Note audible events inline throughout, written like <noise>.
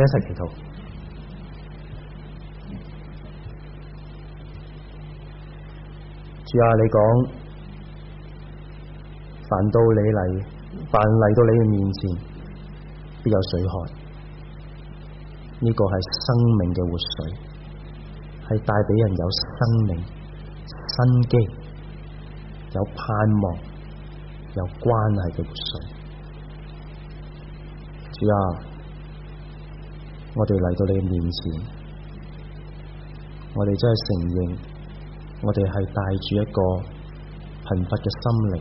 一齊祈禱。主啊，你講凡到你嚟，凡嚟到你嘅面前，必有水害。呢個係生命嘅活水，係帶俾人有生命、生機、有盼望、有關係嘅活水。主啊！我哋嚟到你嘅面前，我哋真係承認，我哋係帶住一個貧乏嘅心靈，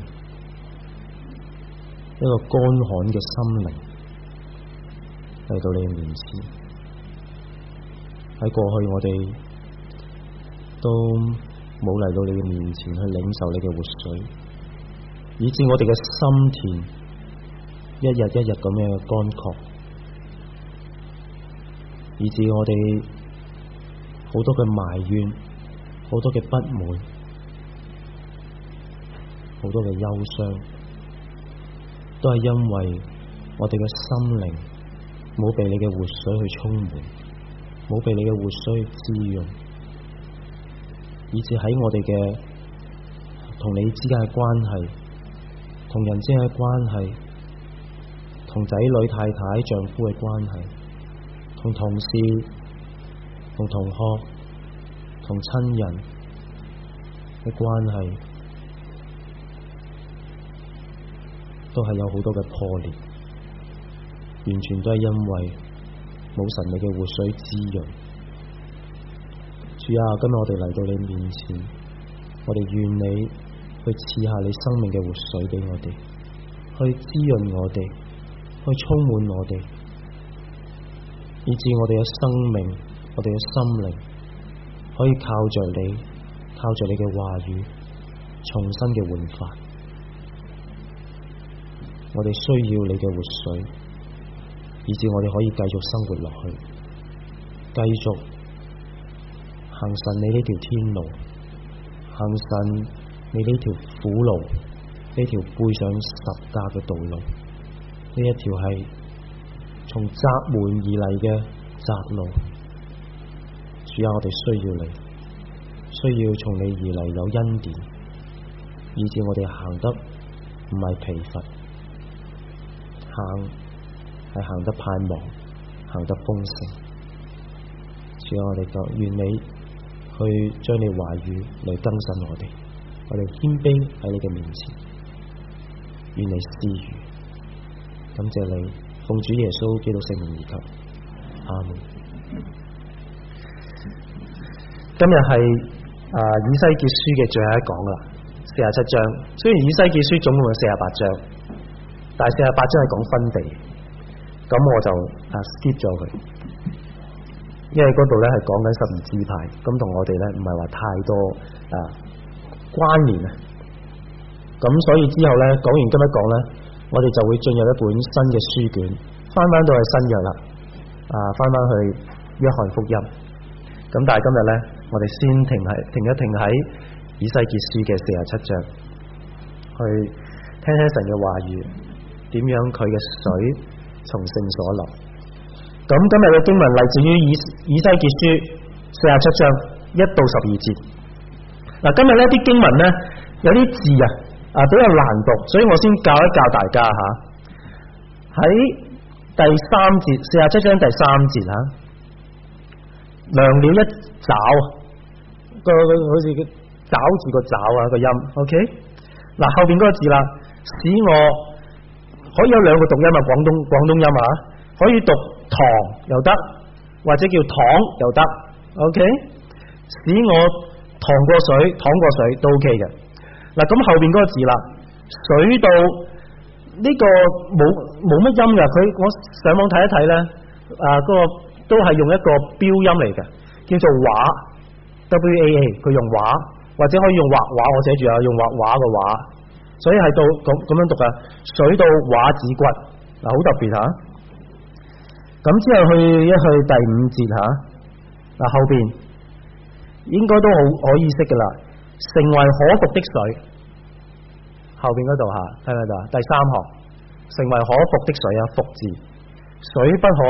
一個乾旱嘅心靈嚟到你嘅面前。喺過去我哋都冇嚟到你嘅面前去領受你嘅活水，以至我哋嘅心田一日一日咁樣嘅乾涸。以至我哋好多嘅埋怨，好多嘅不滿，好多嘅憂傷，都係因為我哋嘅心靈冇被你嘅活水去充滿，冇被你嘅活水去滋潤，以至喺我哋嘅同你之間嘅關係，同人之間嘅關係，同仔女太太丈夫嘅關係。同同事、同同學、同親人嘅關係，都係有好多嘅破裂，完全都係因為冇神你嘅活水滋潤。主啊，今日我哋嚟到你面前，我哋願你去賜下你生命嘅活水俾我哋，去滋潤我哋，去充滿我哋。以致我哋嘅生命，我哋嘅心靈，可以靠着你，靠着你嘅話語，重新嘅煥發。我哋需要你嘅活水，以致我哋可以繼續生活落去，繼續行神你呢條天路，行神你呢條苦路，呢條背上十架嘅道路，呢一條係。從窄門而嚟嘅窄路，主啊，我哋需要你，需要從你而嚟有恩典，以致我哋行得唔係疲乏，行係行得盼望，行得豐盛。主啊，我哋求願你去將你話語嚟更新我哋，我哋謙卑喺你嘅面前，願你施予，感謝你。奉主耶穌基督聖名而求，阿門。今日係啊以西結書嘅最後一講啦，四十七章。雖然以西結書總共有四十八章，但係四十八章係講分地，咁我就啊 skip 咗佢，因為嗰度咧係講緊十二支派，咁同我哋咧唔係話太多啊關聯啊，咁所以之後咧講完今日講咧。我哋就會進入一本新嘅書卷，翻翻到去新約啦，啊，翻翻去約翰福音。咁但係今日咧，我哋先停喺停一停喺以西結書嘅四十七章，去聽聽神嘅話語，點樣佢嘅水從聖所流。咁、嗯、今日嘅經文嚟自於以以西結書四十七章一到十二節。嗱，今日咧啲經文咧有啲字啊。啊，比較難讀，所以我先教一教大家吓。喺、啊、第三節四十七章第三節啊，量了，一爪個個好似佢爪住個爪啊個音，OK、啊。嗱，後邊嗰個字啦，使我可以有兩個讀音啊，廣東廣東音啊，可以讀糖又得，或者叫糖又得，OK。使我糖過水，糖過水都 OK 嘅。嗱，咁後邊嗰個字啦，水到，這個，呢個冇冇乜音噶，佢我上網睇一睇咧，啊嗰、那個都係用一個標音嚟嘅，叫做畫 W A A，佢用畫或者可以用畫畫，我寫住啊，用畫畫嘅畫，所以係到咁咁樣，樣讀噶，水到畫子骨，嗱、啊、好特別吓，咁、啊、之後去一去第五節吓，嗱、啊、後邊應該都好可以識噶啦。成為可服的水，後邊嗰度吓，睇睇到啊。第三行，成為可服的水啊，服字，水不可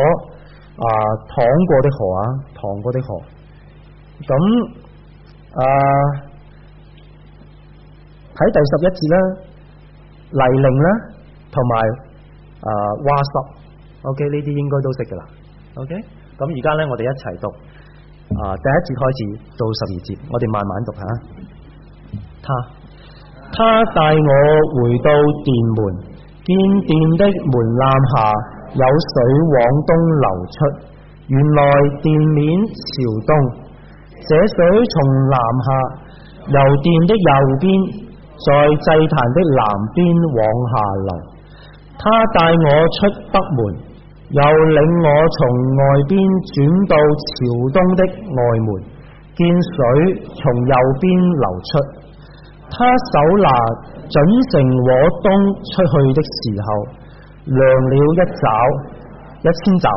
啊淌過的河啊，淌過的河。咁啊，喺、呃、第十一節啦，泥濘啦，同埋啊洼濕，OK, 該 OK? 呢啲應該都識噶啦，OK。咁而家咧，我哋一齊讀啊、呃，第一節開始到十二節，我哋慢慢讀下。他他帶我回到殿門，見殿的門檻下有水往東流出，原來殿面朝東，這水從南下，由殿的右邊，在祭壇的南邊往下流。他帶我出北門，又領我從外邊轉到朝東的外門，見水從右邊流出。他手拿準繩和東出去的時候，量了一肘一千肘，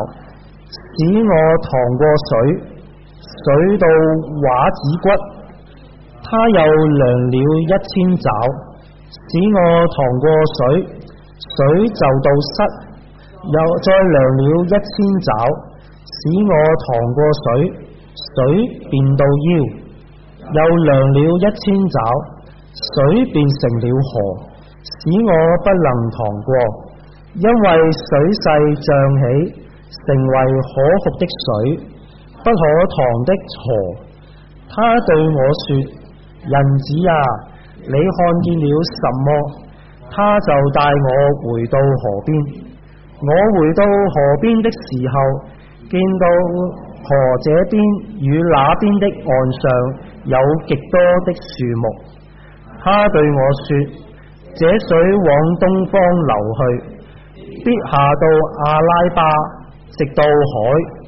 使我趟過水，水到踝子骨。他又量了一千肘，使我趟過水，水就到膝。又再量了一千肘，使我趟過水，水便到腰。又量了一千肘。水變成了河，使我不能淌過，因為水勢漲起，成為可服的水，不可淌的河。他對我說：人子啊，你看見了什麼？他就帶我回到河邊。我回到河邊的時候，見到河這邊與那邊的岸上有極多的樹木。他對我說：這水往東方流去，必下到亞拉巴，直到海。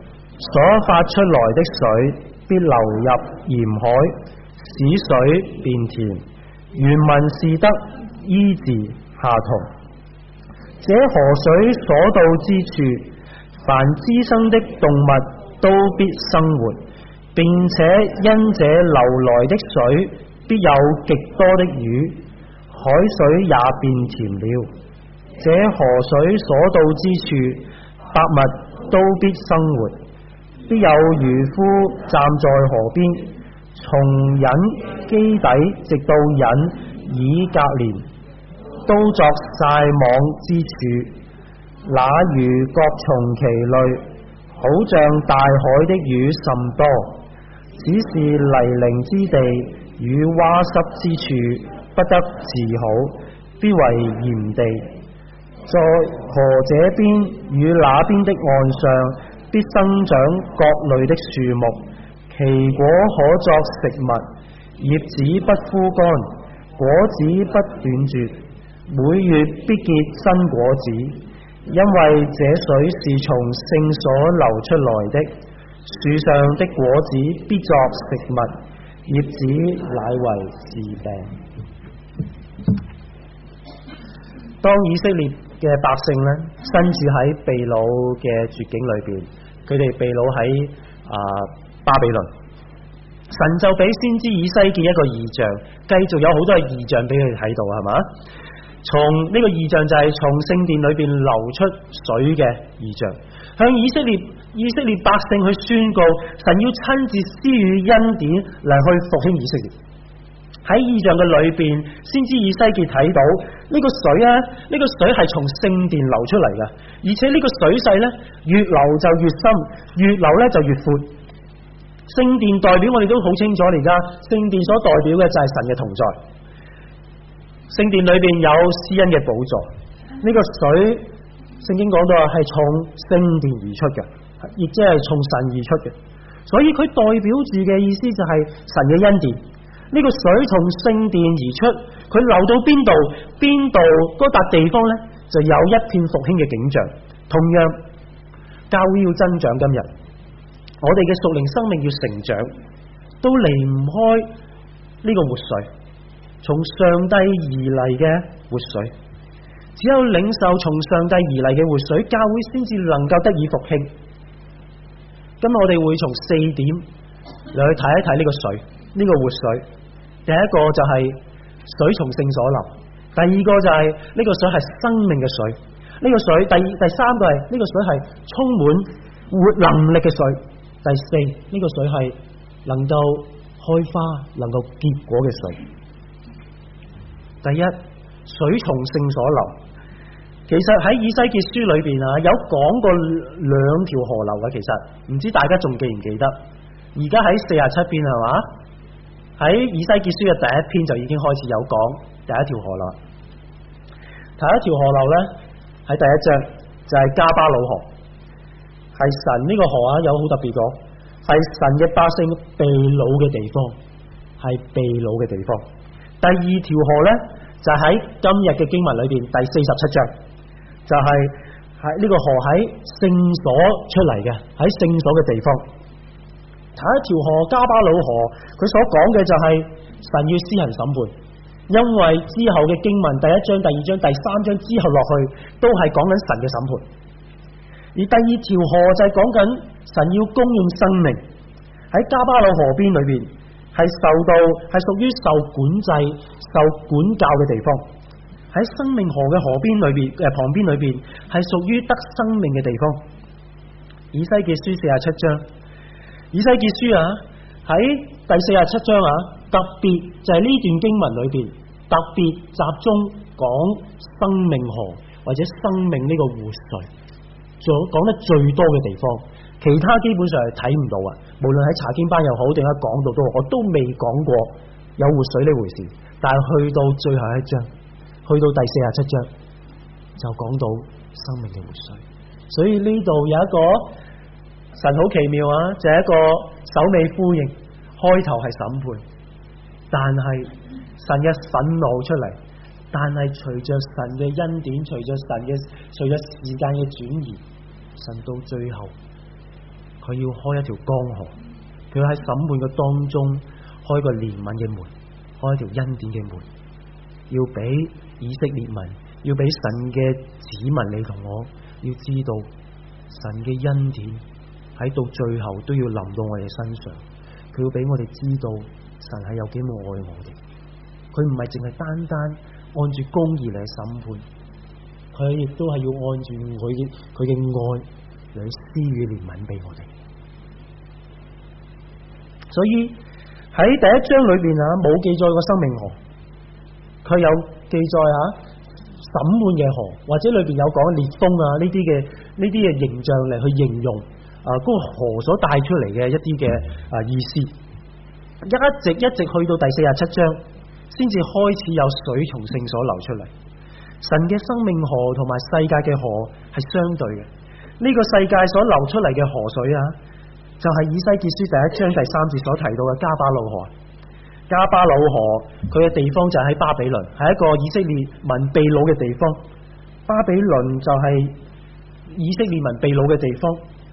所發出來的水必流入鹽海，使水變甜，原文是得醫治下同。這河水所到之處，凡滋生的動物都必生活，並且因這流來的水。必有極多的魚，海水也變甜了。這河水所到之處，百物都必生活。必有漁夫站在河邊，從隱基底直到隱以革蓮，都作曬網之處。那魚各從其類，好像大海的魚甚多，只是泥濘之地。與窪濕之處不得治好，必為鹽地。在河這邊與那邊的岸上，必生長各類的樹木，其果可作食物，葉子不枯乾，果子不斷絕，每月必結新果子。因為這水是從聖所流出來的，樹上的果子必作食物。葉子乃為治病。當以色列嘅百姓咧，身處喺被擄嘅絕境裏邊，佢哋被擄喺啊巴比倫。神就俾先知以西結一個異象，繼續有好多異象俾佢哋睇到，係嘛？從呢、這個異象就係從聖殿裏邊流出水嘅異象，向以色列。以色列百姓去宣告，神要親自施予恩典嚟，去復興以色列。喺意象嘅裏邊，先知以西結睇到呢個水啊，呢個水係從聖殿流出嚟嘅，而且呢個水勢咧越流就越深，越流咧就越闊。聖殿代表我哋都好清楚嘅，而家聖殿所代表嘅就係神嘅同在。聖殿裏邊有施恩嘅寶座，呢個水聖經講到係從聖殿而出嘅。亦即係從神而出嘅，所以佢代表住嘅意思就係神嘅恩典。呢個水從聖殿而出，佢流到邊度，邊度嗰笪地方呢，就有一片復興嘅景象。同樣，教會要增長，今日我哋嘅屬靈生命要成長，都離唔開呢個活水，從上帝而嚟嘅活水。只有領受從上帝而嚟嘅活水，教會先至能夠得以復興。今日我哋會從四點嚟去睇一睇呢個水，呢、這個活水。第一個就係水從聖所流，第二個就係、是、呢、這個水係生命嘅水，呢、這個水第二第三個係呢、這個水係充滿活能力嘅水，第四呢、這個水係能夠開花、能夠結果嘅水。第一，水從聖所流。其實喺以西結書裏邊啊，有講過兩條河流嘅、啊。其實唔知大家仲記唔記得？而家喺四十七篇係嘛？喺以西結書嘅第一篇就已經開始有講第一條河流。第一條河流咧喺第一章就係、是、加巴魯河，係神呢個河啊有好特別講，係神嘅百姓被擄嘅地方，係被擄嘅地方。第二條河咧就喺、是、今日嘅經文裏邊第四十七章。就係喺呢個河喺聖所出嚟嘅，喺聖所嘅地方，第一條河加巴魯河，佢所講嘅就係神要施行審判，因為之後嘅經文第一章、第二章、第三章之後落去都係講緊神嘅審判，而第二條河就係講緊神要供應生命。喺加巴魯河邊裏邊係受到係屬於受管制、受管教嘅地方。喺生命河嘅河邊裏邊誒，旁邊裏邊係屬於得生命嘅地方。以西結書四十七章，以西結書啊，喺第四十七章啊，特別就係呢段經文裏邊特別集中講生命河或者生命呢個活水，仲講得最多嘅地方，其他基本上係睇唔到啊。無論喺查經班又好，定喺講道都好，我都未講過有活水呢回事。但係去到最後一章。去到第四十七章就講到生命嘅活水，所以呢度有一個神好奇妙啊，就係一個首尾呼應，開頭係審判，但係神嘅憤怒出嚟，但係隨着神嘅恩典，隨着神嘅，隨着時間嘅轉移，神到最後佢要開一條江河，佢喺審判嘅當中開個憐憫嘅門，開一條恩典嘅門，要俾。以色列民要俾神嘅子民，你同我要知道神嘅恩典喺到最後都要臨到我哋身上，佢要俾我哋知道神係有幾愛我哋。佢唔係淨係單單按住公義嚟審判，佢亦都係要按住佢佢嘅愛嚟施與憐憫俾我哋。所以喺第一章裏邊啊，冇記載個生命河，佢有。記載啊，審判嘅河，或者裏邊有講烈風啊呢啲嘅呢啲嘅形象嚟,去形容啊，個河所帶出嚟嘅一啲嘅啊意思，一直一直去到第四十七章，先至開始有水從聖所流出嚟。神嘅生命河同埋世界嘅河係相對嘅，呢、這個世界所流出嚟嘅河水啊，就係、是、以西結書第一章第三節所提到嘅迦巴魯河。加巴魯河，佢嘅地方就喺巴比倫，係一個以色列民被擄嘅地方。巴比倫就係以色列民被擄嘅地方，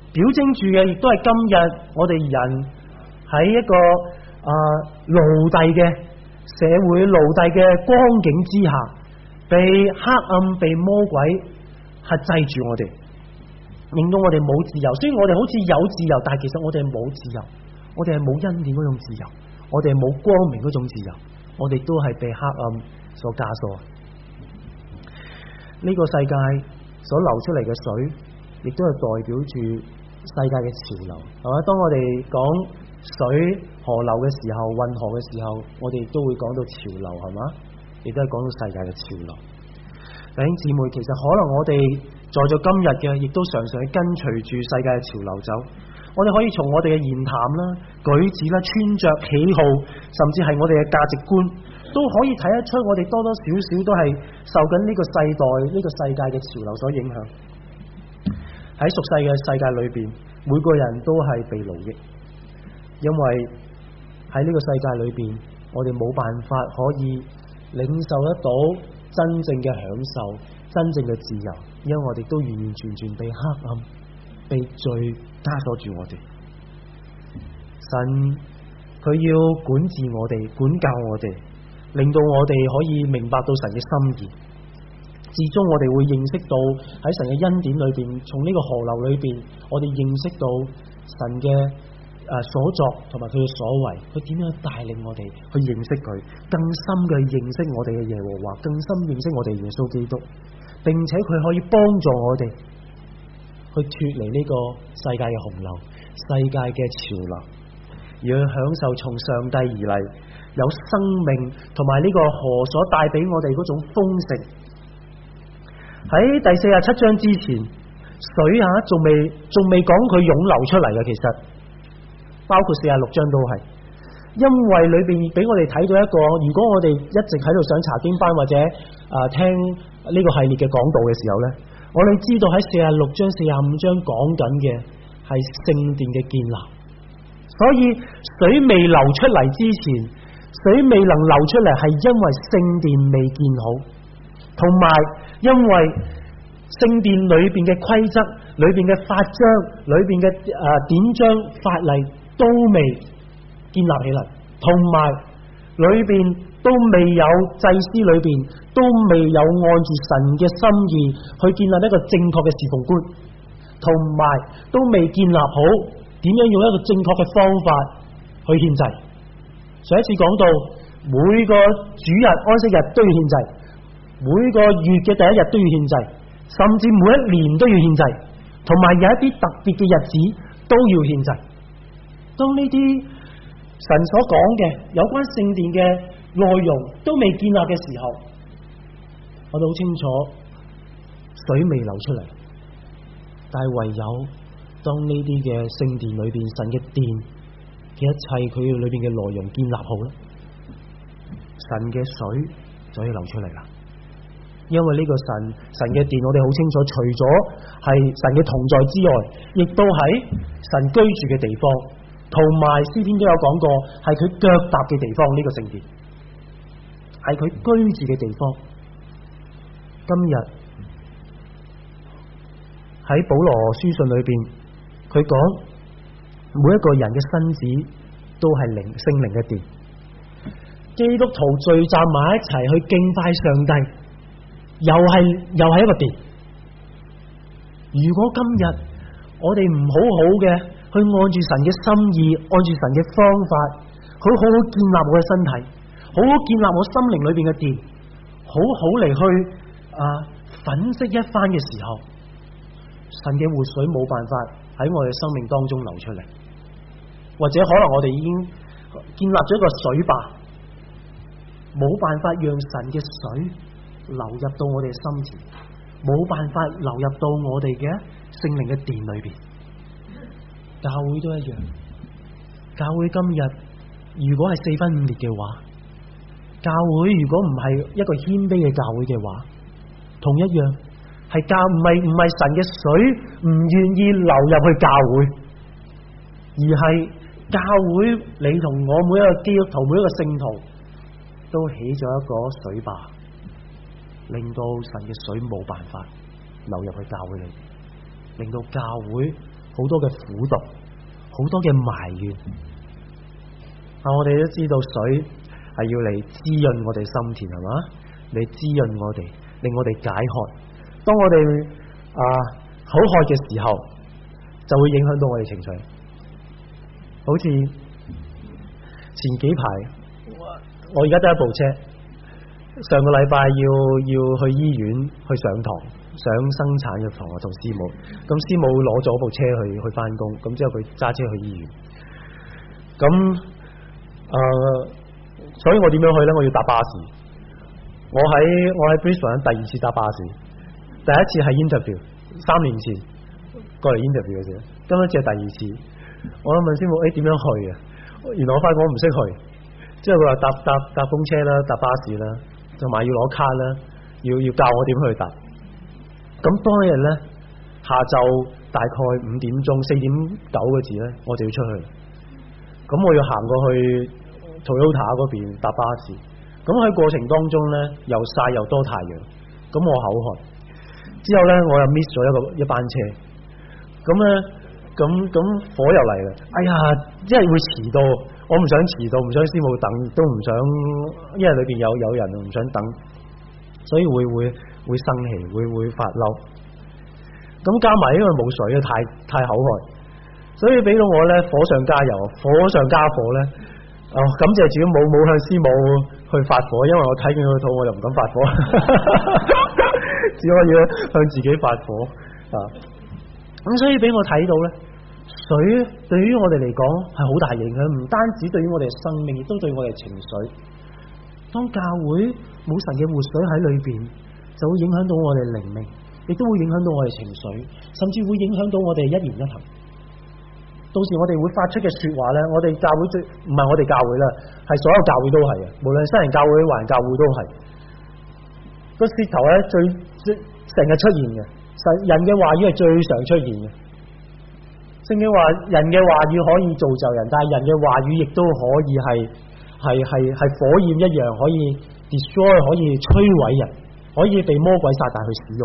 表徵住嘅亦都係今日我哋人喺一個啊奴隸嘅社會，奴隸嘅光景之下，被黑暗、被魔鬼壓制住我哋，令到我哋冇自由。雖然我哋好似有自由，但係其實我哋冇自由，我哋係冇恩典嗰種自由。我哋冇光明嗰種自由，我哋都係被黑暗所枷鎖。呢、這個世界所流出嚟嘅水，亦都係代表住世界嘅潮流，係嘛？當我哋講水河流嘅時候，運河嘅時候，我哋都會講到潮流，係嘛？亦都係講到世界嘅潮流。弟兄姊妹，其實可能我哋在座今日嘅，亦都常常跟隨住世界嘅潮流走。我哋可以從我哋嘅言談啦、舉止啦、穿着喜好，甚至係我哋嘅價值觀，都可以睇得出我哋多多少少都係受緊呢個世代、呢個世界嘅潮流所影響。喺俗世嘅世界裏邊，每個人都係被奴役，因為喺呢個世界裏邊，我哋冇辦法可以領受得到真正嘅享受、真正嘅自由，因為我哋都完完全全被黑暗。被罪枷鎖住我哋，神佢要管治我哋，管教我哋，令到我哋可以明白到神嘅心意。至終我哋會認識到喺神嘅恩典裏邊，從呢個河流裏邊，我哋認識到神嘅誒所作同埋佢嘅所為，佢點樣帶領我哋去認識佢，更深嘅認識我哋嘅耶和華，更深認識我哋耶穌基督，並且佢可以幫助我哋。去脫離呢個世界嘅洪流、世界嘅潮流，而去享受從上帝而嚟有生命同埋呢個河所帶俾我哋嗰種豐盛。喺第四十七章之前，水啊仲未仲未講佢湧流出嚟嘅，其實包括四十六章都係，因為裏邊俾我哋睇到一個，如果我哋一直喺度想查經班或者啊聽呢個系列嘅講道嘅時候呢，我哋知道喺四十六章、四十五章講緊嘅係聖殿嘅建立，所以水未流出嚟之前，水未能流出嚟係因為聖殿未建好，同埋因為聖殿裏邊嘅規則、裏邊嘅法章、裏邊嘅誒典章法例都未建立起嚟，同埋。裏邊都未有祭司裡面，裏邊都未有按住神嘅心意去建立一個正確嘅侍奉觀，同埋都未建立好點樣用一個正確嘅方法去獻祭。上一次講到每個主日安息日都要獻祭，每個月嘅第一日都要獻祭，甚至每一年都要獻祭，同埋有一啲特別嘅日子都要獻祭。當呢啲。神所講嘅有關聖殿嘅內容都未建立嘅時候，我都好清楚水未流出嚟。但係唯有當呢啲嘅聖殿裏邊神嘅殿嘅一切佢裏邊嘅內容建立好啦，神嘅水就可以流出嚟啦。因為呢個神神嘅殿我哋好清楚，除咗係神嘅同在之外，亦都喺神居住嘅地方。同埋詩篇都有講過，係佢腳踏嘅地方呢個聖殿，係佢居住嘅地方。今日喺保羅書信裏邊，佢講每一個人嘅身子都係靈、聖靈嘅殿，基督徒聚集埋一齊去敬拜上帝，又係又係一個殿。如果今日我哋唔好好嘅，去按住神嘅心意，按住神嘅方法，去好好建立我嘅身體，好好建立我心靈裏邊嘅殿，好好嚟去，啊、粉飾一番嘅時候，神嘅活水冇辦法喺我哋生命當中流出嚟，或者可能我哋已經建立咗一個水壩，冇辦法讓神嘅水流入到我哋嘅心田，冇辦法流入到我哋嘅聖靈嘅殿裏邊。教會都一樣，教會今日如果係四分五裂嘅話，教會如果唔係一個謙卑嘅教會嘅話，同一樣，係教唔係唔係神嘅水唔願意流入去教會，而係教會你同我每一個基督徒每一個聖徒都起咗一個水壩，令到神嘅水冇辦法流入去教會，你令到教會。好多嘅苦毒，好多嘅埋怨。啊，我哋都知道水係要嚟滋潤我哋心田，係嘛？嚟滋潤我哋，令我哋解渴。當我哋口渴嘅時候，就會影響到我哋情緒。好似前幾排，啊、我我而家得一部車，上個禮拜要要去醫院去上堂。想生產嘅同學同師母，咁師母攞咗部車去去翻工，咁之後佢揸車去醫院，咁誒、呃，所以我點樣去咧？我要搭巴士，我喺我喺 Brisbane，第二次搭巴士，第一次係 interview 三年前過嚟 interview 嗰時，今一次係第二次，我問師母誒點、哎、樣去啊？原來我發覺我唔識去，之後佢話搭搭搭風車啦，搭巴士啦，同埋要攞卡啦，要要教我點去搭。咁當日咧，下晝大概五點鐘四點九個字咧，我就要出去。咁我要行過去 Toyota 嗰邊搭巴士。咁喺過程當中咧，又曬又多太陽，咁我口渴。之後咧，我又 miss 咗一個一班車。咁咧，咁咁火又嚟啦！哎呀，因為會遲到，我唔想遲到，唔想師傅等，都唔想，因為裏邊有有人，唔想等，所以會會。會生氣，會會發嬲，咁加埋因為冇水，太太口渴，所以俾到我咧火上加油，火上加火咧。哦，感謝自己冇冇向師母去發火，因為我睇見佢肚，我又唔敢發火， <laughs> 只可以向自己發火啊。咁所以俾我睇到咧，水對於我哋嚟講係好大影響嘅，唔單止對於我哋嘅生命，亦都對我哋嘅情緒。當教會冇神嘅活水喺裏邊。就會影響到我哋靈命，亦都會影響到我哋情緒，甚至會影響到我哋一言一行。到時我哋會發出嘅說話咧，我哋教會最唔係我哋教會啦，係所有教會都係嘅，無論新人教會還教會都係。個舌頭咧最即成日出現嘅，實人嘅話語係最常出現嘅。聖經話人嘅話語可以造就人，但係人嘅話語亦都可以係係係係火焰一樣，可以 destroy 可以摧毀人。可以被魔鬼撒旦去使用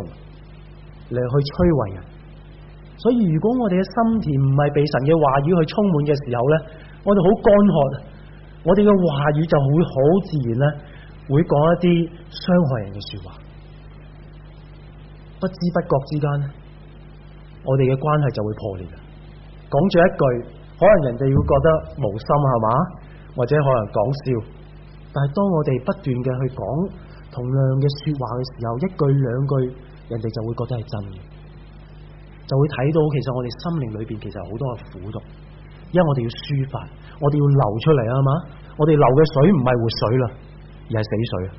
嚟去摧毀人，所以如果我哋嘅心田唔係被神嘅話語去充滿嘅時候呢，我哋好乾渴，我哋嘅話語就會好自然咧，會講一啲傷害人嘅說話，不知不覺之間，我哋嘅關係就會破裂。講住一句，可能人哋會覺得無心係嘛，或者可能講笑，但係當我哋不斷嘅去講。同樣嘅說話嘅時候，一句兩句，人哋就會覺得係真嘅，就會睇到其實我哋心靈裏邊其實好多嘅苦毒，因為我哋要抒發，我哋要流出嚟啊嘛，我哋流嘅水唔係活水啦，而係死水啊。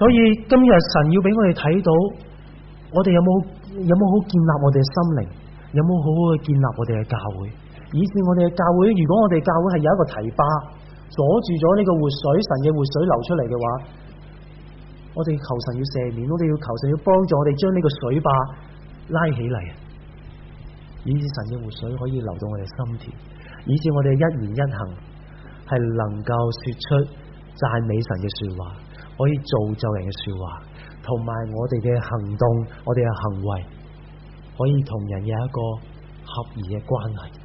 所以今日神要俾我哋睇到我有有，我哋有冇有冇好建立我哋嘅心靈，有冇好好去建立我哋嘅教會？以至我哋嘅教會，如果我哋教會係有一個堤壩。阻住咗呢個活水，神嘅活水流出嚟嘅話，我哋求神要赦免，我哋要求神要幫助我哋將呢個水壩拉起嚟，以致神嘅活水可以流到我哋心田，以致我哋一言一行係能夠說出讚美神嘅說話，可以造就人嘅說話，同埋我哋嘅行動，我哋嘅行為可以同人有一個合宜嘅關係。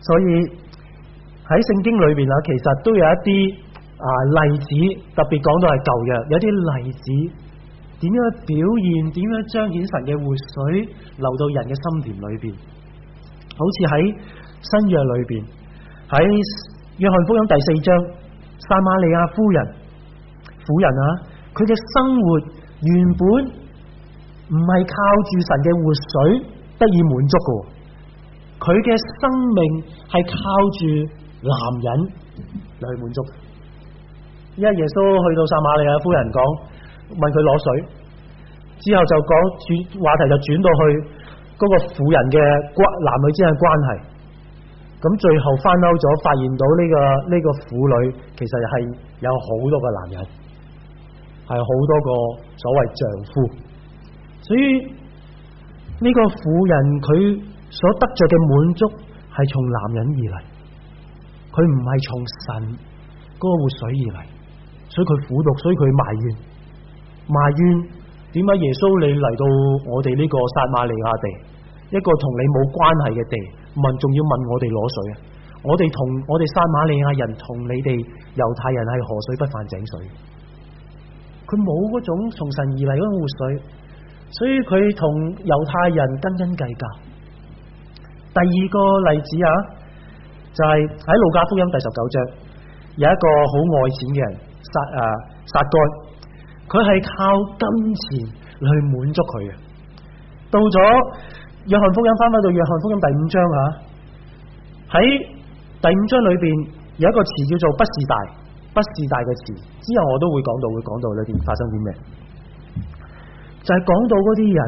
所以喺聖經裏邊啊，其實都有一啲啊、呃、例子，特別講到係舊約，有啲例子點樣表現，點樣彰顯神嘅活水流到人嘅心田裏邊，好似喺新約裏邊喺約翰福音第四章，撒瑪利亞夫人婦人啊，佢嘅生活原本唔係靠住神嘅活水得以滿足嘅。佢嘅生命係靠住男人嚟去滿足。依家耶穌去到撒瑪利亞夫人講，問佢攞水，之後就講轉話題就轉到去嗰、那個婦人嘅關男女之間嘅關係。咁最後翻嬲咗，發現到呢、這個呢、這個婦女其實係有好多個男人，係好多個所謂丈夫。所以呢、這個婦人佢。所得着嘅滿足係從男人而嚟，佢唔係從神嗰個活水而嚟，所以佢苦毒，所以佢埋怨埋怨，點解耶穌你嚟到我哋呢個撒瑪利亞地，一個同你冇關係嘅地，問仲要問我哋攞水啊？我哋同我哋撒瑪利亞人同你哋猶太人係河水不犯井水，佢冇嗰種從神而嚟嗰種活水，所以佢同猶太人斤斤計較。第二個例子啊，就係喺路加福音第十九章，有一個好愛錢嘅人殺啊、呃、撒該，佢係靠金錢去滿足佢嘅。到咗約翰福音翻返到約翰福音第五章啊，喺第五章裏邊有一個詞叫做畢士大，畢士大嘅詞之後我都會講到，會講到裏邊發生啲咩，就係、是、講到嗰啲人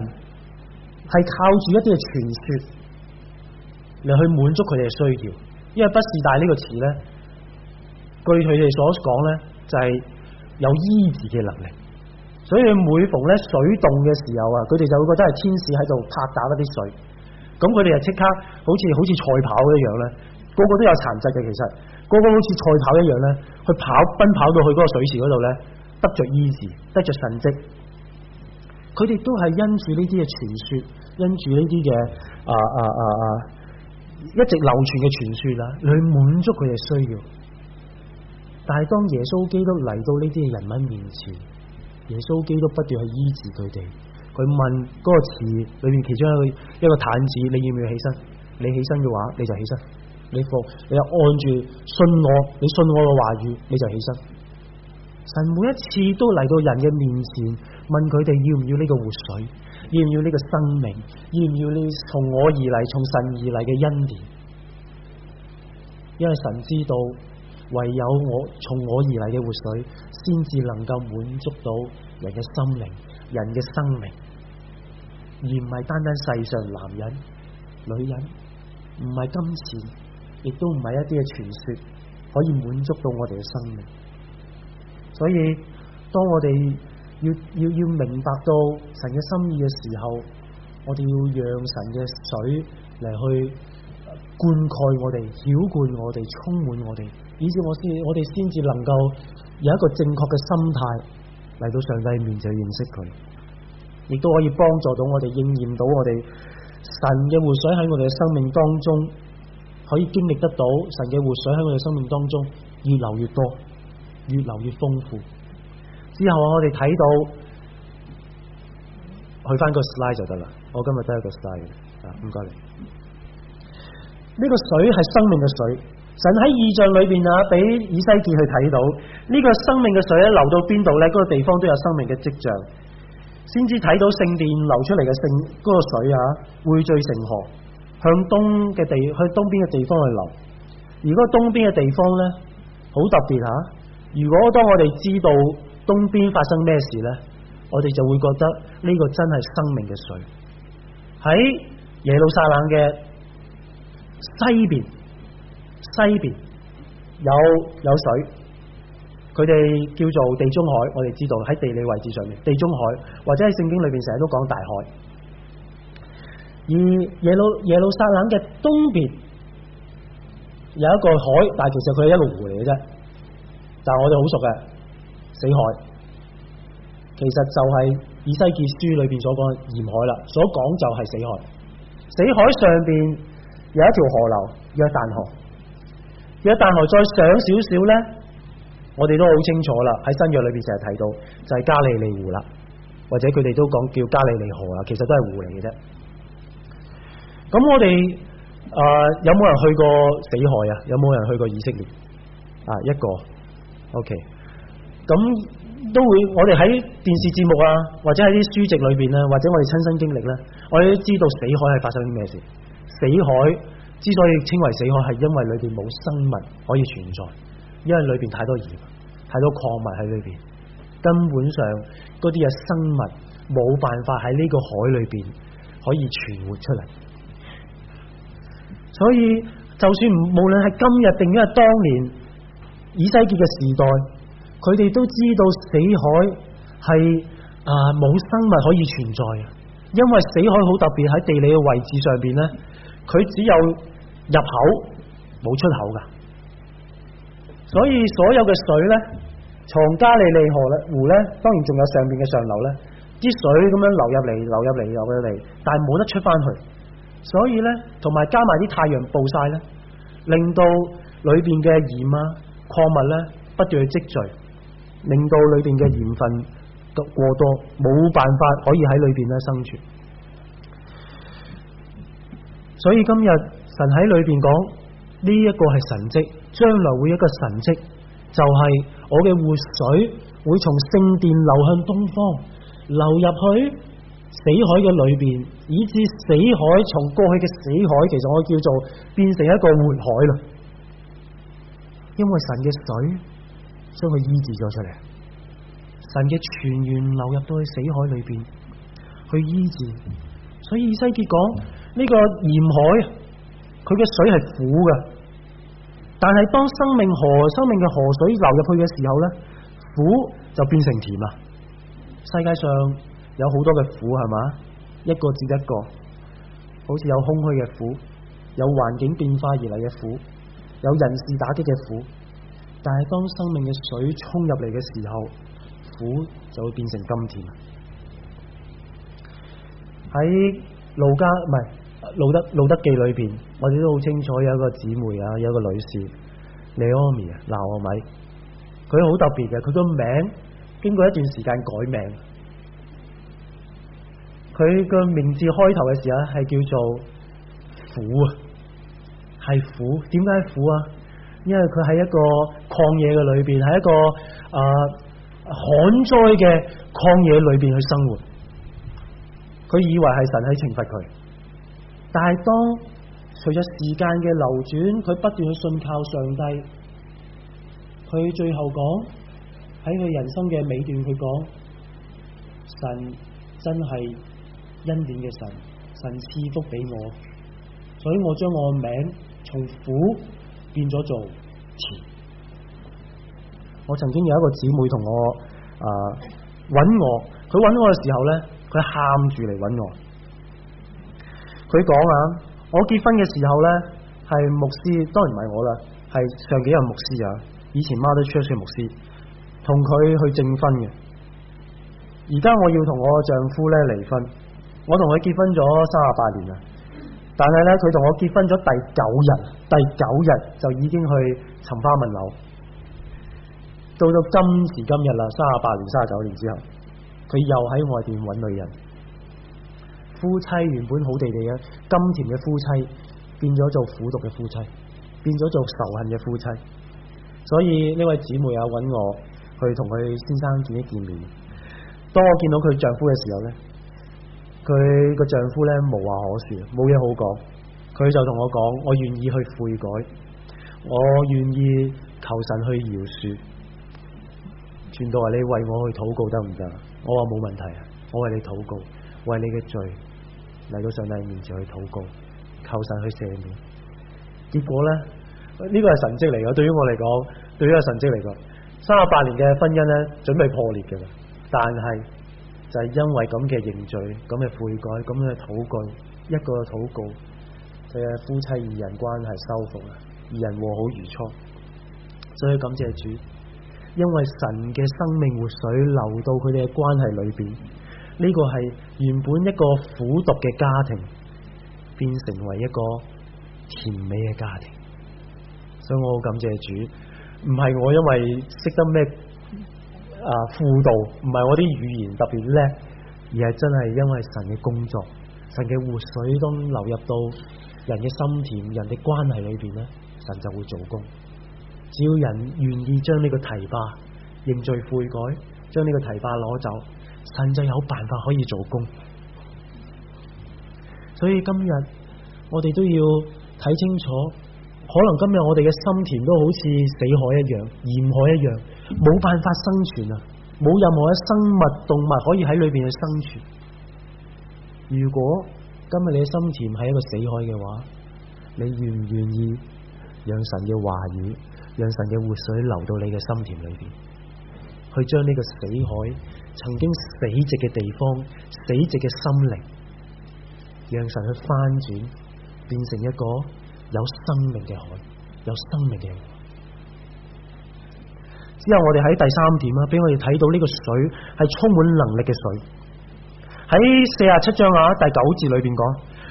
係靠住一啲嘅傳說。你去滿足佢哋嘅需要，因為畢士大呢個池呢，據佢哋所講呢，就係、是、有醫治嘅能力，所以每逢咧水動嘅時候啊，佢哋就會覺得係天使喺度拍打一啲水，咁佢哋就即刻好似好似賽跑一樣呢，個個都有殘疾嘅，其實個個好似賽跑一樣呢，去跑奔跑到去嗰個水池嗰度呢，得着醫治，得着神蹟，佢哋都係因住呢啲嘅傳說，因住呢啲嘅啊啊啊啊。啊啊一直流傳嘅傳說啦，你去滿足佢嘅需要。但係當耶穌基督嚟到呢啲人民面前，耶穌基督不斷去醫治佢哋。佢問嗰個池裏面，其中一個一個癱子，你要唔要起身？你起身嘅話，你就起身。你服，你又按住信我，你信我嘅話語，你就起身。神每一次都嚟到人嘅面前，問佢哋要唔要呢個活水。要唔要呢個生命？要唔要呢？從我而嚟，從神而嚟嘅恩典，因為神知道，唯有我從我而嚟嘅活水，先至能夠滿足到人嘅心靈、人嘅生命，而唔係單單世上男人、女人，唔係金錢，亦都唔係一啲嘅傳說，可以滿足到我哋嘅生命。所以，當我哋。要要要明白到神嘅心意嘅時候，我哋要讓神嘅水嚟，去灌溉我哋、澆灌我哋、充滿我哋，以至我先我哋先至能夠有一個正確嘅心態嚟到上帝面前認識佢，亦都可以幫助到我哋應驗到我哋神嘅活水喺我哋嘅生命當中可以經歷得到神嘅活水喺我哋生命當中越流越多、越流越豐富。之後我哋睇到去翻個 slide 就得啦。我今日得一個 slide 啊，唔該你。呢個水係生命嘅水，神喺意象裏邊啊，俾以西結去睇到呢個生命嘅水咧，流到邊度咧？嗰個地方都有生命嘅跡象，先至睇到聖殿流出嚟嘅聖嗰個水啊，匯聚成河，向東嘅地去東邊嘅地方去流。而嗰東邊嘅地方咧好特別吓、啊，如果當我哋知道。東邊發生咩事呢？我哋就會覺得呢個真係生命嘅水。喺耶路撒冷嘅西邊，西邊有有水，佢哋叫做地中海。我哋知道喺地理位置上面，地中海或者喺聖經裏邊成日都講大海。而耶路耶路撒冷嘅東邊有一個海，但係其實佢係一個湖嚟嘅啫，但係我哋好熟嘅。死海，其實就係以西結書裏邊所講鹽海啦，所講就係死海。死海上邊有一條河流，約旦河，約旦河再上少少呢，我哋都好清楚啦。喺新約裏邊成日睇到就係、是、加利利湖啦，或者佢哋都講叫加利利河啊，其實都係湖嚟嘅啫。咁我哋啊、呃、有冇人去過死海啊？有冇人去過以色列啊？一個，OK。咁都會，我哋喺電視節目啊，或者喺啲書籍裏邊咧，或者我哋親身經歷咧，我哋都知道死海係發生啲咩事。死海之所以稱為死海，係因為裏邊冇生物可以存在，因為裏邊太多鹽，太多礦物喺裏邊，根本上嗰啲嘅生物冇辦法喺呢個海裏邊可以存活出嚟。所以，就算無論係今日定，係當年以西結嘅時代。佢哋都知道死海係啊冇生物可以存在嘅，因為死海好特別，喺地理嘅位置上邊呢，佢只有入口冇出口噶，所以所有嘅水呢，從加利利河咧湖呢，當然仲有上面嘅上流呢，啲水咁樣流入嚟流入嚟流入嚟，但係冇得出翻去，所以呢，同埋加埋啲太陽暴曬呢，令到裏邊嘅鹽啊礦物呢不斷去積聚。令到裏邊嘅鹽分多過多，冇辦法可以喺裏邊咧生存。所以今日神喺裏邊講呢一個係神跡，將來會有一個神跡，就係我嘅活水會從聖殿流向東方，流入去死海嘅裏邊，以至死海從過去嘅死海，其實我叫做變成一個活海啦，因為神嘅水。將佢醫治咗出嚟，神嘅泉源流入到去死海裏邊去醫治，嗯、所以以西結講呢個鹽海，佢嘅水係苦噶，但係當生命河生命嘅河水流入去嘅時候咧，苦就變成甜喇！世界上有好多嘅苦係咪，一個接一個，好似有空虛嘅苦，有環境變化而嚟嘅苦，有人事打擊嘅苦。但係當生命嘅水沖入嚟嘅時候，苦就會變成甘甜。喺《路加》唔係《路得路得記》裏邊，我哋都好清楚有一個姊妹啊，有一個女士，你阿咪米，鬧我咪，佢好特別嘅，佢個名經過一段時間改名，佢個名字開頭嘅時候係叫做苦啊，係苦，點解苦啊？因為佢喺一個曠野嘅裏邊，喺一個啊旱災嘅曠野裏邊去生活，佢以為係神喺懲罰佢，但係當隨着時間嘅流轉，佢不斷去信靠上帝，佢最後講喺佢人生嘅尾段，佢講神真係恩典嘅神，神賜福俾我，所以我將我嘅名從苦。變咗做錢。我曾經有一個姊妹同我啊揾，我佢、呃、揾我嘅時候咧，佢喊住嚟揾我。佢講啊，我結婚嘅時候咧，係牧師，當然唔係我啦，係上幾任牧師啊，以前 Mother 出咗去牧師，同佢去證婚嘅。而家我要同我丈夫咧離婚，我同佢結婚咗三十八年啦，但係咧佢同我結婚咗第九日。第九日就已經去尋花問柳，到到今時今日啦，卅啊八年、卅啊九年之後，佢又喺外邊揾女人，夫妻原本好地地嘅甘甜嘅夫妻，變咗做苦毒嘅夫妻，變咗做仇恨嘅夫妻。所以呢位姊妹啊，揾我去同佢先生見一見面。當我見到佢丈夫嘅時候呢，佢個丈夫呢，無話可說，冇嘢好講。佢就同我講，我願意去悔改，我願意求神去饒恕。傳道話，你為我去禱告得唔得？我話冇問題，我為你禱告，為你嘅罪嚟到上帝面前去禱告，求神去赦免。結果呢，呢個係神蹟嚟㗎。對於我嚟講，對於個神蹟嚟講，三十八年嘅婚姻呢，準備破裂嘅，但係就係因為咁嘅認罪、咁嘅悔改、咁嘅禱告，一個禱告。嘅夫妻二人關係修復啦，二人和好如初，所以感謝主，因為神嘅生命活水流到佢哋嘅關係裏邊，呢個係原本一個苦毒嘅家庭變成為一個甜美嘅家庭，所以我好感謝主，唔係我因為識得咩啊輔導，唔係我啲語言特別叻，而係真係因為神嘅工作，神嘅活水都流入到。人嘅心田，人嘅關係裏邊咧，神就會做工。只要人願意將呢個堤壩認罪悔改，將呢個堤壩攞走，神就有辦法可以做工。所以今日我哋都要睇清楚，可能今日我哋嘅心田都好似死海一樣、鹽海一樣，冇辦法生存啊！冇任何嘅生物動物可以喺裏邊去生存。如果今日你嘅心田係一個死海嘅話，你願唔願意讓神嘅話語、讓神嘅活水流到你嘅心田裏邊，去將呢個死海、曾經死寂嘅地方、死寂嘅心靈，讓神去翻轉，變成一個有生命嘅海、有生命嘅湖。之後我哋喺第三點啊，俾我哋睇到呢個水係充滿能力嘅水。喺四十七章啊，第九字裏邊講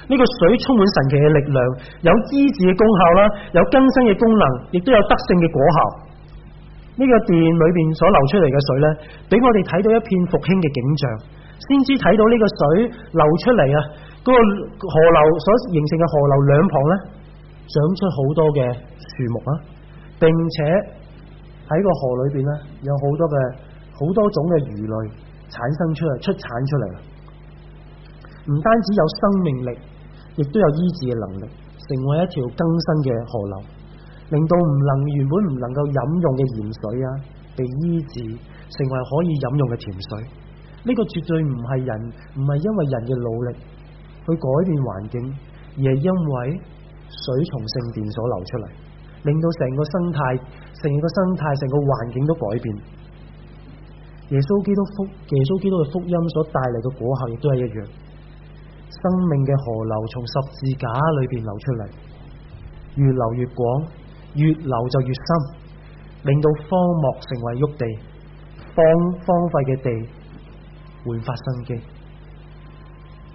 呢個水充滿神奇嘅力量，有醫治嘅功效啦，有更新嘅功能，亦都有得勝嘅果效。呢個殿裏邊所流出嚟嘅水呢，俾我哋睇到一片復興嘅景象，先知睇到呢個水流出嚟啊，嗰個河流所形成嘅河流兩旁呢，長出好多嘅樹木啊，並且喺個河裏邊呢，有好多嘅好多種嘅魚類產生出嚟，出產出嚟。唔單止有生命力，亦都有醫治嘅能力，成為一條更新嘅河流，令到唔能原本唔能夠飲用嘅鹽水啊，被醫治成為可以飲用嘅甜水。呢個絕對唔係人，唔係因為人嘅努力去改變環境，而係因為水從聖殿所流出嚟，令到成個生態、成個生態、成個環境都改變。耶穌基督福，耶穌基督嘅福音所帶嚟嘅果效亦都係一樣。生命嘅河流從十字架裏邊流出嚟，越流越廣，越流就越深，令到荒漠成為沃地，荒荒廢嘅地煥發生機。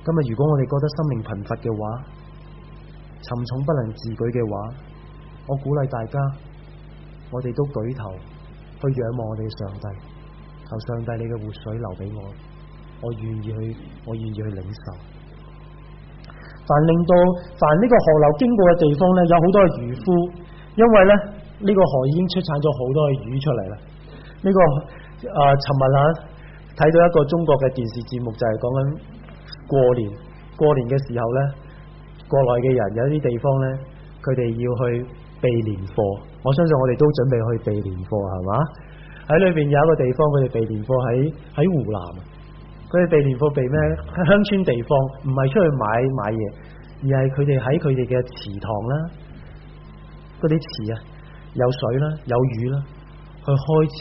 今日如果我哋覺得生命貧乏嘅話，沉重不能自舉嘅話，我鼓勵大家，我哋都舉頭去仰望我哋嘅上帝，求上帝你嘅活水流俾我，我願意去，我願意去領受。凡令到凡呢個河流經過嘅地方呢，有好多嘅漁夫，因為咧呢、呢個河已經出產咗好多嘅魚出嚟啦。呢、呢個、呃、啊，尋日啊睇到一個中國嘅電視節目，就係講緊過年，過年嘅時候呢，國內嘅人有啲地方呢，佢哋要去備年貨。我相信我哋都準備去備年貨，係嘛？喺裏邊有一個地方，佢哋備年貨喺喺湖南。佢哋避年貨避咩？鄉村地方唔係出去買買嘢，而係佢哋喺佢哋嘅池塘啦，嗰啲池啊有水啦，有魚啦，去開始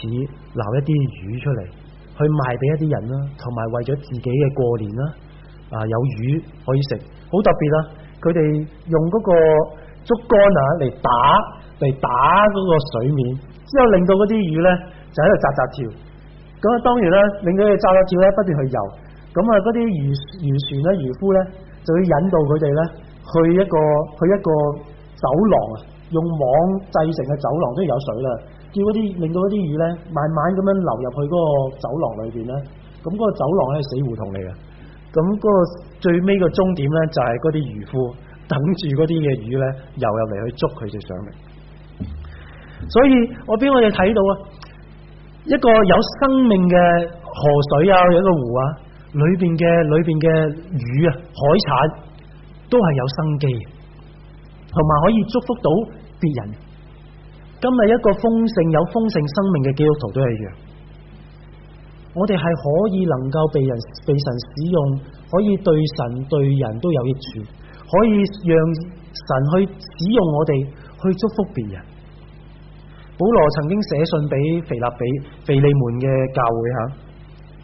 撈一啲魚出嚟，去賣俾一啲人啦，同埋為咗自己嘅過年啦，啊有魚可以食，好特別啊！佢哋用嗰個竹竿啊嚟打嚟打嗰個水面，之後令到嗰啲魚呢，就喺度紮紮跳。咁啊，當然啦，令到佢揸咗照咧，不斷去遊。咁啊，嗰啲漁漁船咧，漁夫咧，就要引導佢哋咧，去一個去一個走廊啊。用網製成嘅走廊都、就是、有水啦。叫嗰啲令到嗰啲魚咧，慢慢咁樣流入去嗰個走廊裏邊咧。咁、那、嗰個走廊係死胡同嚟嘅。咁、那、嗰個最尾嘅終點咧，就係嗰啲漁夫等住嗰啲嘅魚咧，遊入嚟去捉佢哋上嚟。所以我俾我哋睇到啊。一個有生命嘅河水啊，一個湖啊，裏邊嘅裏邊嘅魚啊，海產都係有生機，同埋可以祝福到別人。今日一個豐盛有豐盛生命嘅基督徒都一樣，我哋係可以能夠被人被神使用，可以對神對人都有益處，可以讓神去使用我哋去祝福別人。保羅曾經寫信俾腓立比、腓利門嘅教會吓，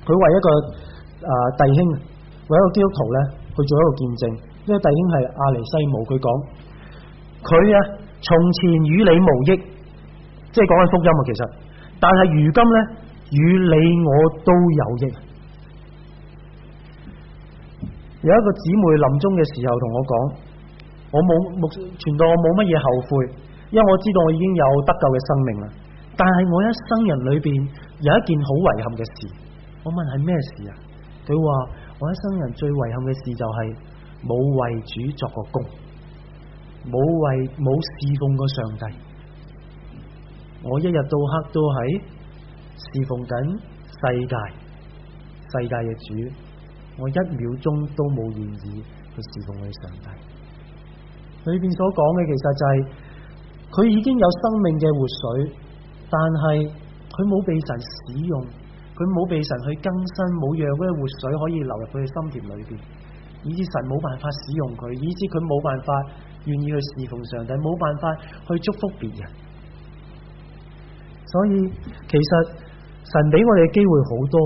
佢為一個啊、呃、弟兄，為一個基督徒咧去做一個見證，呢個弟兄係阿尼西姆，佢講佢啊從前與你無益，即係講緊福音啊，其實，但係如今咧與你我都有益。有一個姊妹臨終嘅時候同我講，我冇目，傳到我冇乜嘢後悔。因為我知道我已經有得救嘅生命啦，但係我一生人裏邊有一件好遺憾嘅事，我問係咩事啊？佢話我一生人最遺憾嘅事就係、是、冇為主作過功，冇為冇侍奉過上帝，我一日到黑都喺侍奉緊世界，世界嘅主，我一秒鐘都冇願意去侍奉佢上帝。裏邊所講嘅其實就係、是。佢已經有生命嘅活水，但係佢冇被神使用，佢冇被神去更新，冇讓嗰啲活水可以流入佢嘅心田裏邊，以至神冇辦法使用佢，以至佢冇辦法願意去侍奉上帝，冇辦法去祝福別人。所以其實神俾我哋嘅機會好多，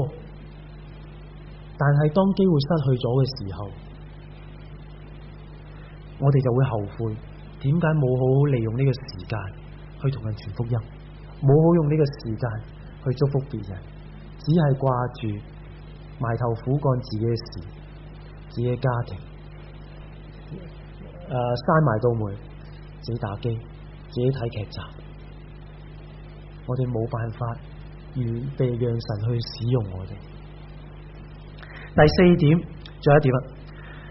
但係當機會失去咗嘅時候，我哋就會後悔。點解冇好好利用呢個時間去同人傳福音，冇好用呢個時間去祝福別人，只係掛住埋頭苦幹自己嘅事，自己嘅家庭，誒、呃，閂埋道門，自己打機，自己睇劇集，我哋冇辦法預備讓神去使用我哋。第四點，仲有一點啊，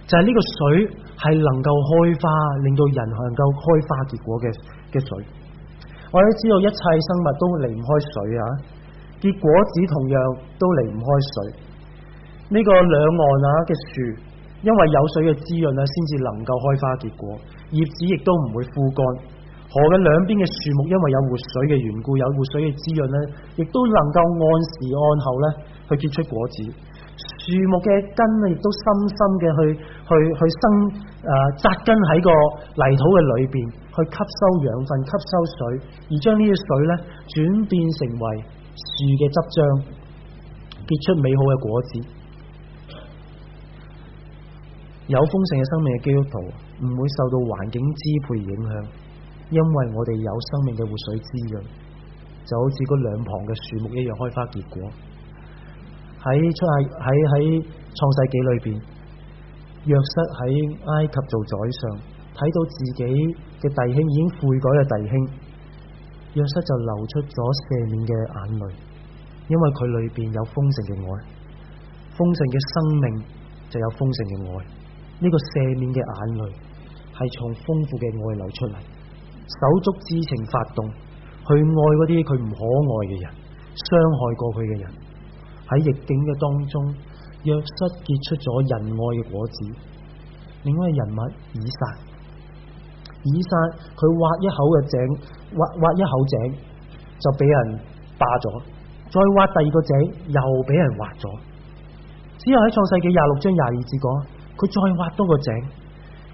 就係、是、呢個水。係能夠開花，令到人能夠開花結果嘅嘅水。我哋知道一切生物都離唔開水啊，結果子同樣都離唔開水。呢、這個兩岸啊嘅樹，因為有水嘅滋潤咧，先至能夠開花結果，葉子亦都唔會枯乾。河嘅兩邊嘅樹木，因為有活水嘅緣故，有活水嘅滋潤咧，亦都能夠按時按候咧去結出果子。樹木嘅根亦都深深嘅去去去生誒扎根喺個泥土嘅裏邊，去吸收養分、吸收水，而將呢啲水呢轉變成為樹嘅汁漿，結出美好嘅果子。有豐盛嘅生命嘅基督徒唔會受到環境支配影響，因為我哋有生命嘅活水滋潤，就好似嗰兩旁嘅樹木一樣開花結果。喺出喺喺喺創世紀裏邊，約瑟喺埃及做宰相，睇到自己嘅弟兄已經悔改嘅弟兄，約瑟就流出咗赦免嘅眼淚，因為佢裏邊有豐盛嘅愛，豐盛嘅生命就有豐盛嘅愛，呢個赦免嘅眼淚係從豐富嘅愛流出嚟，手足之情發動去愛嗰啲佢唔可愛嘅人，傷害過佢嘅人。喺逆境嘅當中，約瑟結出咗仁愛嘅果子。另一個人物以撒，以撒佢挖一口嘅井，挖挖一口井就俾人霸咗，再挖第二個井又俾人挖咗。之後喺創世紀廿六章廿二節講，佢再挖多個井，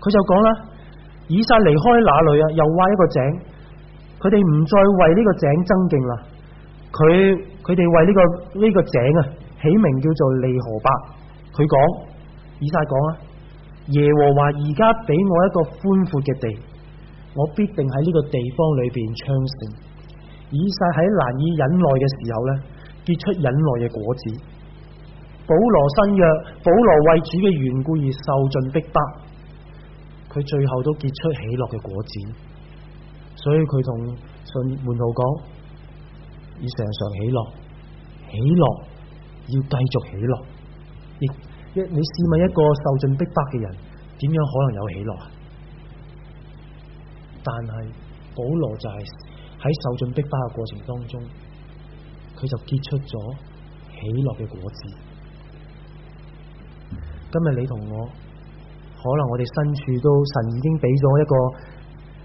佢就講啦：以撒離開那裡啊，又挖一個井，佢哋唔再為呢個井爭競啦。佢佢哋為呢個呢個井啊起名叫做利河伯。佢講，以撒講啊，耶和華而家俾我一個寬闊嘅地，我必定喺呢個地方裏邊昌盛。以撒喺難以忍耐嘅時候咧，結出忍耐嘅果子。保羅新約，保羅為主嘅緣故而受盡逼迫，佢最後都結出喜樂嘅果子。所以佢同信門徒講。要常常喜樂，喜樂要繼續喜樂，亦一，你試問一個受盡逼迫嘅人，點樣可能有喜樂？但係保羅就係喺受盡逼迫嘅過程當中，佢就結出咗喜樂嘅果子。今日你同我，可能我哋身處都神已經俾咗一個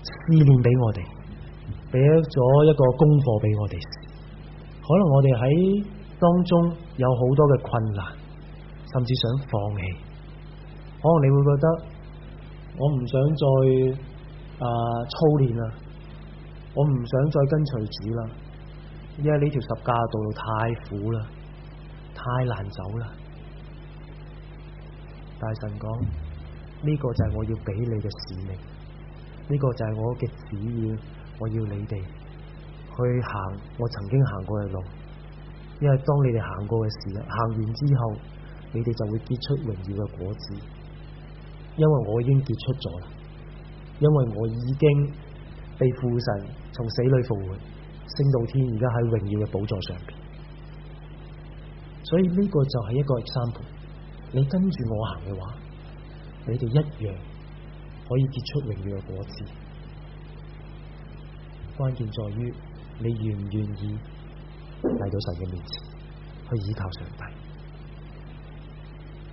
思念俾我哋，俾咗一個功課俾我哋。可能我哋喺當中有好多嘅困難，甚至想放棄。可能你會覺得我唔想再啊、呃、操練啦，我唔想再跟隨主啦，因為呢條十架道路太苦啦，太難走啦。大神講呢、嗯、個就係我要俾你嘅使命，呢、這個就係我嘅旨意，我要你哋。去行我曾經行過嘅路，因為當你哋行過嘅時候，行完之後，你哋就會結出榮耀嘅果子。因為我已經結出咗啦，因為我已經被父神從死裏復活，升到天，而家喺榮耀嘅寶座上邊。所以呢個就係一個 example，你跟住我行嘅話，你哋一樣可以結出榮耀嘅果子。關鍵在於。你願唔願意嚟到神嘅面前去倚靠上帝？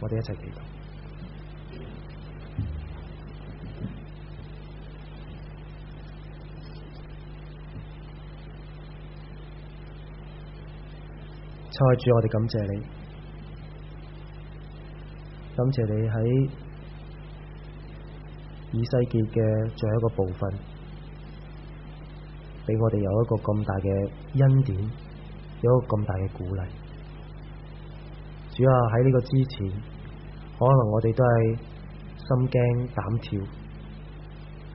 我哋一齊祈禱。主，嗯，嗯、我哋感謝你，感謝你喺以西結嘅最後一個部分。俾我哋有一個咁大嘅恩典，有一個咁大嘅鼓勵。主啊，喺呢個之前，可能我哋都係心驚膽跳，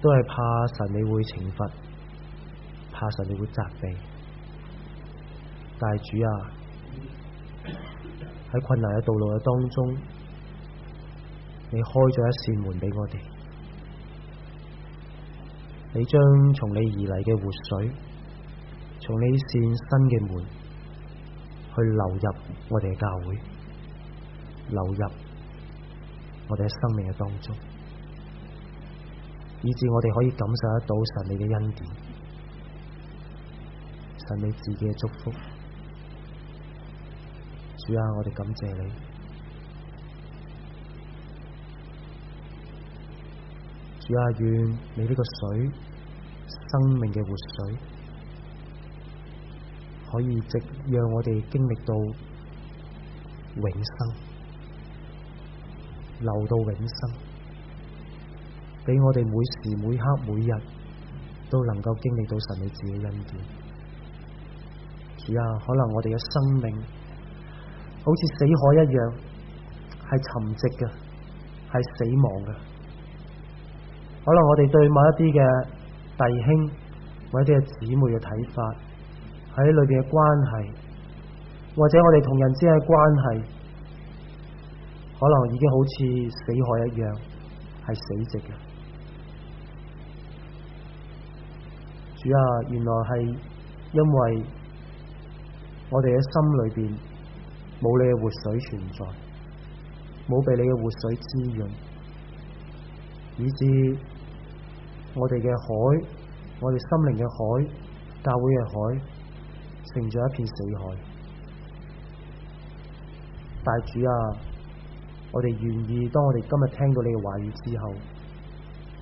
都係怕神你會懲罰，怕神你會責備。但係主啊，喺困難嘅道路嘅當中，你開咗一扇門俾我哋。你將從你而嚟嘅活水，從呢扇新嘅門去流入我哋嘅教會，流入我哋嘅生命嘅當中，以至我哋可以感受得到神你嘅恩典，神你自己嘅祝福，主啊，我哋感謝你。也願你呢個水，生命嘅活水，可以直讓我哋經歷到永生，流到永生，俾我哋每時每刻每日都能夠經歷到神你自己恩典。主啊，可能我哋嘅生命好似死海一樣，係沉寂嘅，係死亡嘅。可能我哋對某一啲嘅弟兄或者啲姊妹嘅睇法，喺裏邊嘅關係，或者我哋同人之間嘅關係，可能已經好似死海一樣，係死寂嘅。主啊，原來係因為我哋嘅心裏邊冇你嘅活水存在，冇被你嘅活水滋潤。以致我哋嘅海，我哋心靈嘅海，教會嘅海，成咗一片死海。大主啊，我哋願意當我哋今日聽到你嘅話語之後，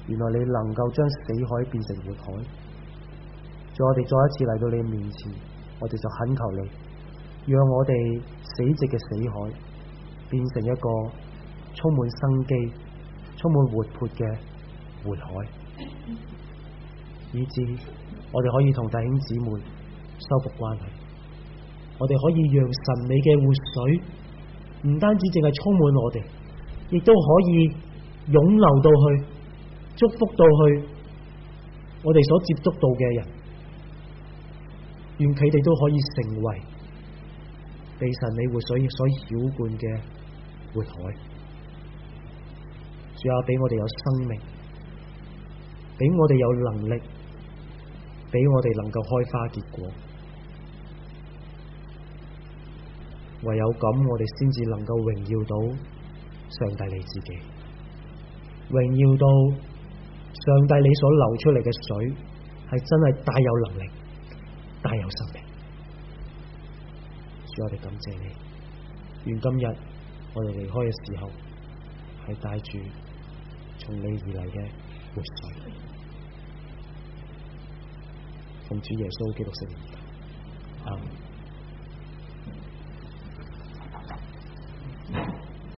原來你能夠將死海變成活海。在我哋再一次嚟到你面前，我哋就懇求你，讓我哋死寂嘅死海變成一個充滿生機，充滿活潑嘅活海，以至我哋可以同弟兄姊妹修復關係。我哋可以讓神美嘅活水，唔單止淨係充滿我哋，亦都可以湧流到去，祝福到去。我哋所接觸到嘅人，願佢哋都可以成為被神美活水所澆灌嘅活海。主啊，俾我哋有生命，俾我哋有能力，俾我哋能夠開花結果。唯有咁，我哋先至能夠榮耀到上帝你自己，榮耀到上帝你所流出嚟嘅水係真係大有能力，大有生命。所以我哋感謝你。願今日我哋離開嘅時候，係帶住。從你而嚟嘅活水，奉主耶穌基督聖名。